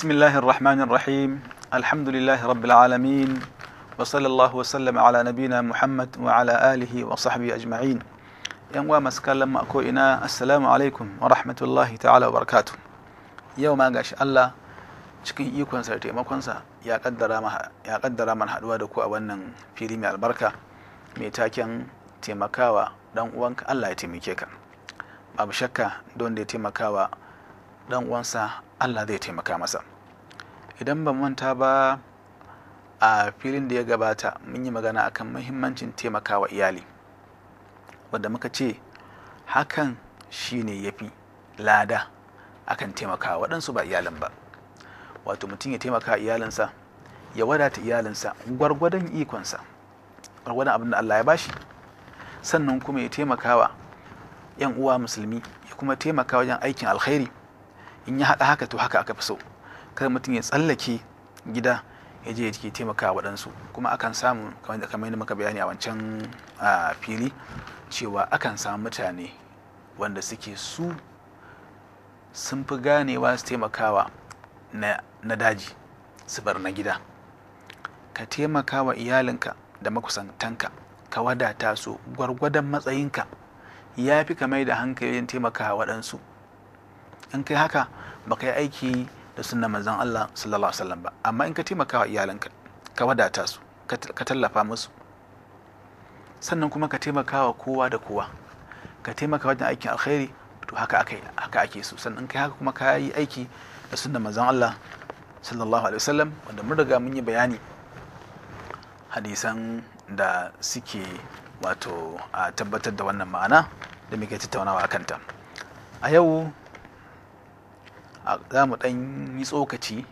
بسم الله الرحمن الرحيم الحمد لله رب العالمين وصلى الله وسلم على نبينا محمد وعلى آله وصحبه أجمعين yan uwa masu kallon mako ina assalamu alaikum wa rahmatullahi ta'ala wa barakatu yau ma gashi Allah cikin ikonsa da taimakonsa ya kaddara man haduwa da ku a wannan fili mai albarka mai taken taimakawa dan uwanka Allah ya taimake ka babu shakka don da ya taimakawa dan uwansa Allah zai taimaka masa idan ban manta ba a filin da ya gabata mun yi magana akan muhimmancin taimakawa iyali wadda muka ce hakan shine ya fi lada akan taimakawa waɗansu ba iyalin ba wato mutum ya taimaka iyalinsa ya wadata iyalinsa gwargwadon ikonsa gwargwadon abin da Allah ya bashi sannan kuma ya taimakawa yan uwa musulmi ya kuma taimaka wajen aikin alkhairi in ya haɗa haka to haka aka fi so kada mutum ya tsallake gida ya je ya taimaka wa waɗansu kuma akan samu kamar yadda muka bayani a wancan fili cewa akan samu mutane wanda suke su sun fi ganewa su taimakawa na daji su bar na gida ka taimaka wa iyalinka da makusantanka ka wadata su gwargwadon matsayinka ya fi ka mai da hankali taimaka wa waɗansu in kai haka ba kai aiki da sunan manzon Allah sallallahu alaihi wasallam ba amma in ka taimaka wa iyalanka ka wadata su ka tallafa musu sannan kuma ka taimaka wa kowa da kowa ka taimaka wajen aikin alkhairi to haka ake haka ake so sannan kai haka kuma ka yi aiki da sunan manzon Allah sallallahu alaihi wasallam wanda mun riga mun yi bayani hadisan da suke wato a tabbatar da wannan ma'ana da muke tattaunawa a kanta a yau za mu ɗan yi tsokaci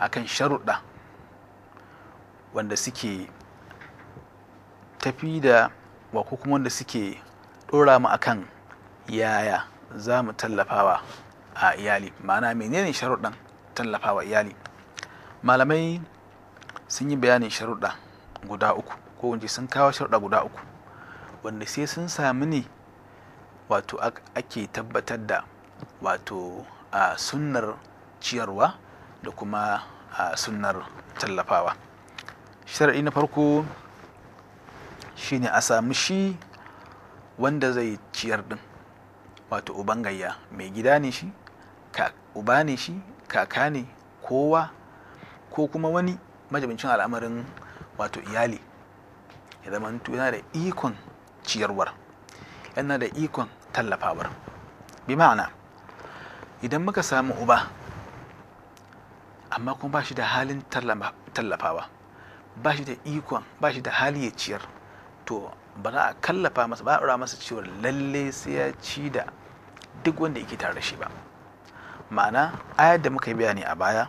a kan sharuɗa wanda suke tafi da wa kuma wanda suke ɗora mu akan yaya za mu tallafawa a iyali ma'ana menene sharuɗan tallafawa iyali malamai sun yi bayanin sharuɗa guda uku ko wanda sun kawo sharuɗa guda uku wanda sai sun sami ne wato ake tabbatar da wato a sunnar ciyarwa da kuma a sunnar tallafawa shari'i na farko shine a samu shi wanda zai ciyar din wato uban gayya mai gida ne shi uba ne shi kaka ne kowa ko kuma wani majabincin al'amarin wato iyali ya zama yana da ikon ciyarwar yana da ikon tallafawar bi ma'ana idan muka samu uba amma kuma ba shi da halin tallafawa ba shi da ikon ba shi da hali ya ciyar to ba za a kallafa masa ba a masa cewar lalle sai ya ci da duk wanda yake tare shi ba ma'ana ayar da muka yi bayani a baya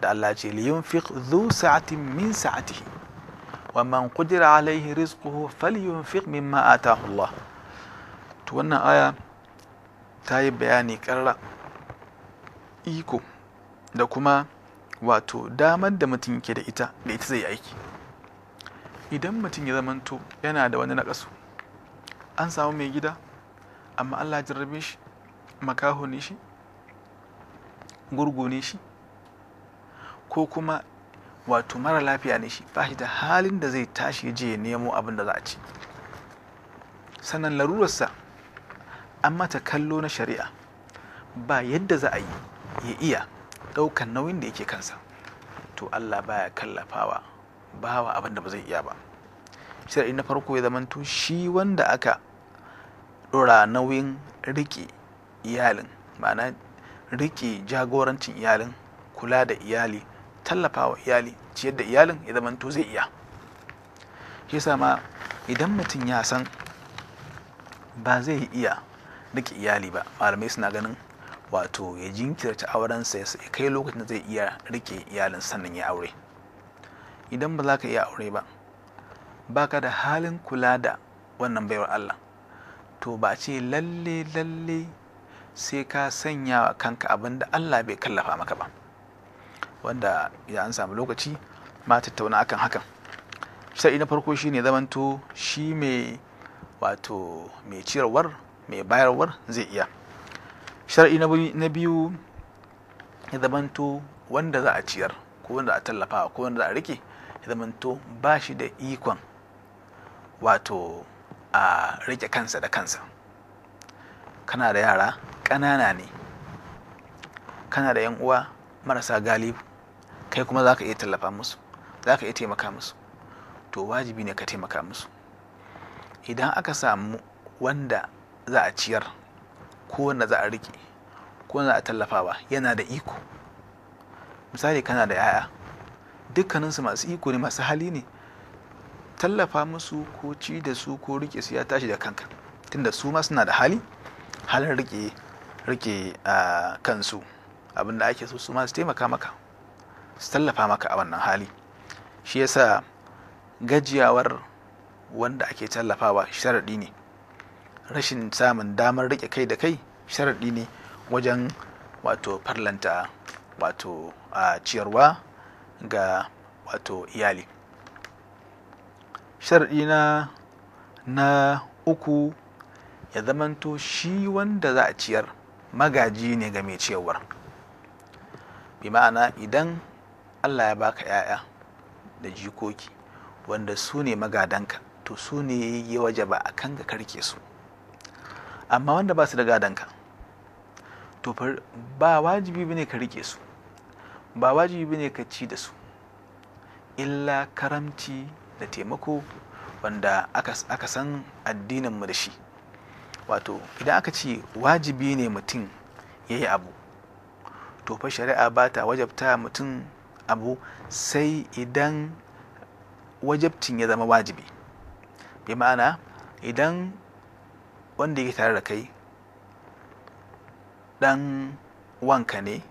da Allah ce liyun fiq zu sa'atin min sa'atihi wa man qudira alaihi rizquhu falyunfiq mimma atahu Allah to wannan aya ta yi bayani karra iko da kuma wato damar da mutum ke da ita da ita zai aiki idan mutum ya zamanto yana da wani nakasu, an samu mai gida amma allah jarrabe shi makaho ne shi gurgu ne shi ko kuma wato mara lafiya ne shi ba shi da halin da zai tashi je ya nemo abin da za a ci sannan larurarsa an mata kallo na shari'a ba yadda za a yi ya iya ɗaukan nauyin da yake kansa to Allah baya kallafawa bawa abin da ba zai iya ba shari'i na farko ya zamanto shi wanda aka ɗora nauyin riƙe iyalin ma'ana riƙe jagorancin iyalin kula da iyali tallafawa iyali ciyar da iyalin ya zamanto zai iya shi ma idan mutum ya san ba zai iya riƙe iyali ba malamai suna ganin wato ya jinkirta aurensa ya kai lokacin da zai iya rike iyalin sannan ya aure idan ba za ka iya aure ba baka da halin kula da wannan baiwar Allah to ba ce lalle lalle sai ka sanya wa kanka abin da Allah bai kallafa maka ba wanda ya an samu lokaci ma tattauna akan hakan sai na farko shine zamanto shi mai wato mai ciyarwar mai bayarwar zai iya shar'i na biyu ya zamanto wanda za a ciyar ko wanda a tallafa ko wanda za a rike ya zamanto ba shi da ikon wato a rike kansa da kansa kana da yara ƙanana ne kana da yan uwa marasa galibu kai kuma za ka iya tallafa musu za ka iya taimaka musu to wajibi ne ka taimaka musu idan aka samu wanda za a ciyar kowanne za a rike ko za a tallafawa yana da iko misali kana da 'ya'ya dukkaninsu masu iko ne masu hali ne tallafa musu ko ci da su ko rike su ya tashi da kanka tunda su ma suna da hali halin rike rike a kansu abinda ake so su ma su taimaka maka su tallafa maka a wannan hali shi yasa gajiyawar wanda ake tallafawa sharaɗi ne rashin samun damar rike kai da kai sharaɗi ne wajen wato farlanta wato a ciyarwa ga wato iyali sharaɗi na na uku ya zamanto shi wanda za a ciyar magaji ne ga mai ciyarwar bi ma'ana idan allah ya baka 'ya'ya da jikoki wanda su ne magadanka to su ne ya wajaba a kan ga karke su amma wanda ba su da gadonka to ba wajibi bane ka rike su ba wajibi bane ka ci da su illa karamci da taimako wanda aka san addinin mu da shi wato idan aka ce wajibi ne mutum ya yi abu to fa shari'a ba ta wajabta mutum abu sai idan wajabcin ya zama wajibi bi ma'ana idan wanda yake tare da kai ɗan wanka ne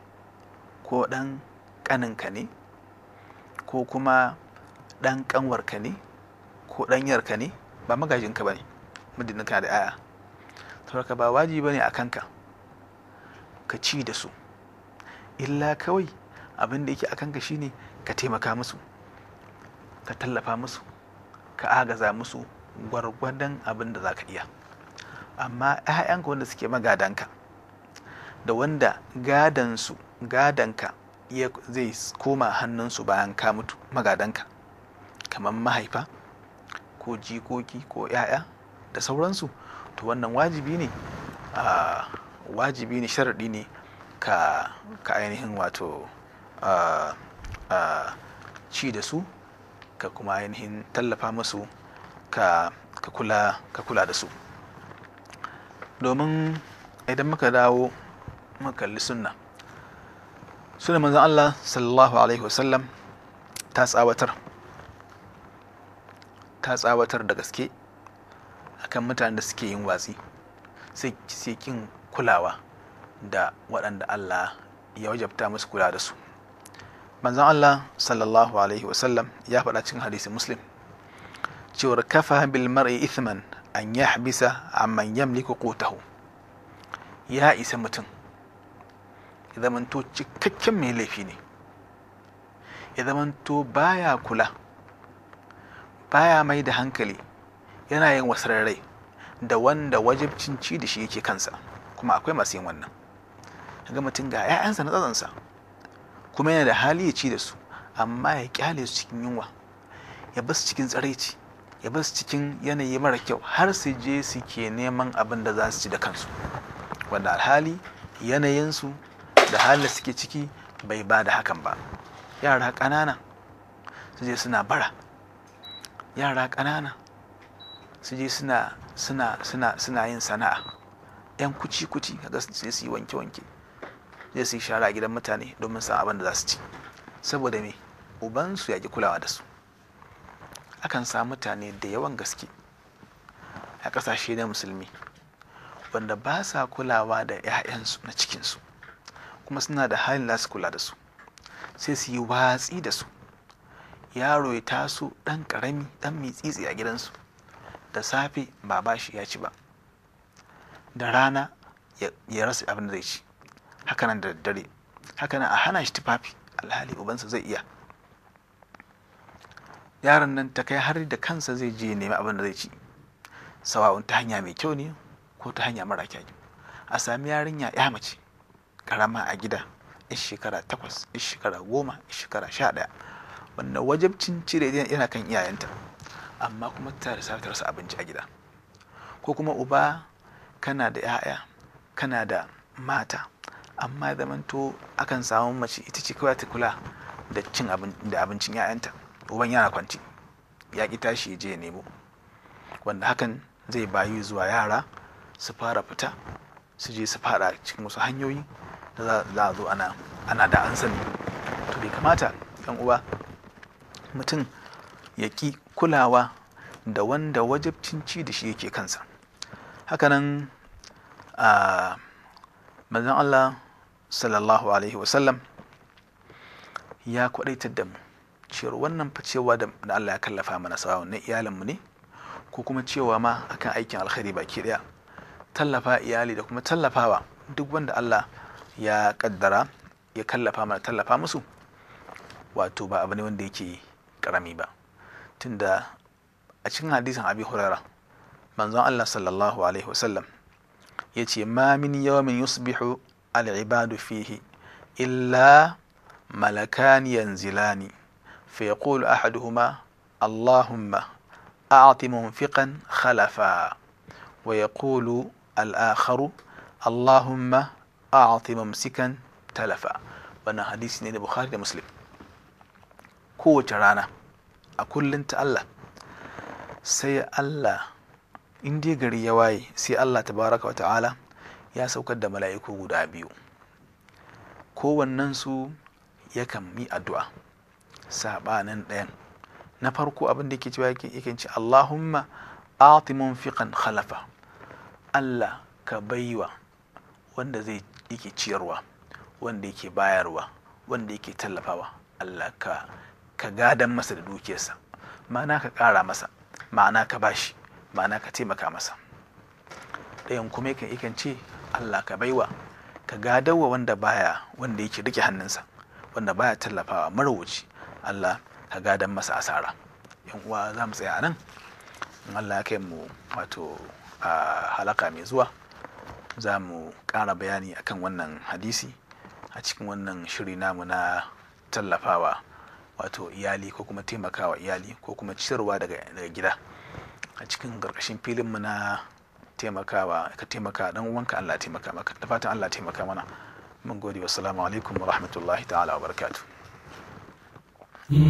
ko ɗan ƙaninka ne ko kuma ɗan ƙanwarka ne ko ɗanyarka ne ba magajinka ba ne madina kana da aya saboda ba waji ba ne a kanka ka ci da su illa kawai abin da yake a kanka shine ka taimaka musu ka tallafa musu ka agaza musu gwargwadon abin da za ka iya amma 'ya'yanka wanda suke magadanka da wanda gadansu gadanka zai koma hannunsu bayan ka mutu magadanka kamar mahaifa ko jikoki ko 'ya'ya da sauransu to wannan wajibi ne wajibi ne sharaɗi ne ka ainihin wato ci da su ka kuma ainihin tallafa musu ka kula da su domin idan muka dawo muka kalli sunna suna manzan Allah sallallahu alaihi wasallam ta tsawatar ta tsawatar da gaske akan mutanen da suke yin watsi sai kin kulawa da waɗanda Allah ya wajabta musu kula da su manzan Allah sallallahu alaihi wasallam ya faɗa cikin hadisi muslim cewar kafa bil mar'i ithman an ya habisa liko ko taho. ya isa mutum ya zamanto cikakken mai laifi ne ya zamanto baya kula baya mai da hankali yana yin wasararrai da wanda wajibcin ci da shi yake kansa kuma akwai masu yin wannan ga mutum ga 'ya'yansa na tsazansa kuma yana da hali ya ci da su amma ya kyale su cikin yunwa ya basu cikin tsaraici ya ba su cikin yanayi mara kyau har su je su ke neman abin da za su ci da kansu wanda alhali yanayinsu da halin suke ciki bai ba da hakan ba yara kanana su je suna bara yara kanana su je suna yin sana'a yan kuci kuci kaga su je su yi wanke wanke je su yi shara a gidan mutane domin san abin da za su ci saboda me ubansu ya ki kulawa da su akan samu mutane da yawan gaske a ƙasashe na musulmi wanda ba sa kulawa da 'ya'yansu na cikinsu kuma suna da halin su kula da su sai su yi watsi da su yaro ya taso ɗan ƙarami ɗan mitsitsi a gidansu da safe ba ba shi ya ci ba da rana ya rasa abin da zai ci hakanan da daddare hakanan a hana shi tufafi alhali ubansa zai iya yaron nan ta kai har da kansa zai je nemi abin da zai ci sawa'un ta hanya mai kyau ne ko ta hanya mara kyau a sami yarinya ya mace karama a gida ya shekara takwas ya shekara goma ya shekara sha ɗaya wannan wajabcin cire yana kan iyayenta amma kuma ta da ta rasa abinci a gida ko kuma uba kana da 'ya'ya kana da mata amma zamanto akan samu mace ita ce kawai ta kula da cin abincin 'ya'yanta uban yana kwanci ya ki tashi ya je ya nemo wanda hakan zai bayi zuwa yara su fara fita su je su fara cikin wasu hanyoyi da za a zo ana ana da an sani to bai kamata yan uwa mutum ya ki kulawa da wanda wajibcin ci da shi yake kansa hakanan a manzon Allah sallallahu alaihi wasallam ya kwadaitar da mu cewar wannan cewa da Allah ya kallafa mana sawa na iyalinmu ne ko kuma cewa ma akan aikin alkhairi baki daya tallafa iyali da kuma tallafawa duk wanda Allah ya kaddara ya kallafa mana tallafa musu wato ba abu ne wanda yake karami ba tunda a cikin hadisin abi hurara manzon Allah sallallahu alaihi wasallam ya ce ma min yawmin yusbihu al-ibadu fihi illa malakan yanzilani فيقول أحدهما اللهم أعط منفقا خلفا ويقول الآخر اللهم أعط ممسكا تلفا wannan hadisi ne da bukhari da muslim kowace rana a kullum ta allah sai allah in dai gari ya waye sai allah tabaraka wa ta'ala ya saukar da mala'iku guda biyu kowannensu yakan yi addu'a sabanin ɗayan na farko abin da yake cewa yake ce Allahumma ati munfiqan khalafa Allah ka baiwa wanda zai yake ciyarwa wanda yake bayarwa wanda yake tallafawa Allah ka ka gadan masa da dukiyarsa ma'ana ka ƙara masa ma'ana ka bashi ma'ana ka taimaka masa ɗayan kuma yakan ikan ce Allah ka baiwa ka gadawa wanda baya wanda yake rike hannunsa wanda baya tallafawa marawuci Allah ka gadan masa asara yan uwa za mu tsaya nan in Allah ya kai mu wato a halaka mai zuwa za mu ƙara bayani akan wannan hadisi a cikin wannan shiri namu na tallafawa wato iyali ko kuma taimakawa iyali ko kuma ciyarwa daga gida a cikin ƙarƙashin filinmu na taimakawa ka taimaka dan uwanka Allah taimaka maka da fatan Allah taimaka mana mun gode wa alaikum wa rahmatullahi ta'ala wa barakatuh Dan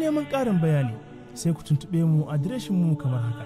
yang mengkaren bayani, sai ku tuntuɓe mu adireshin mu kamar haka.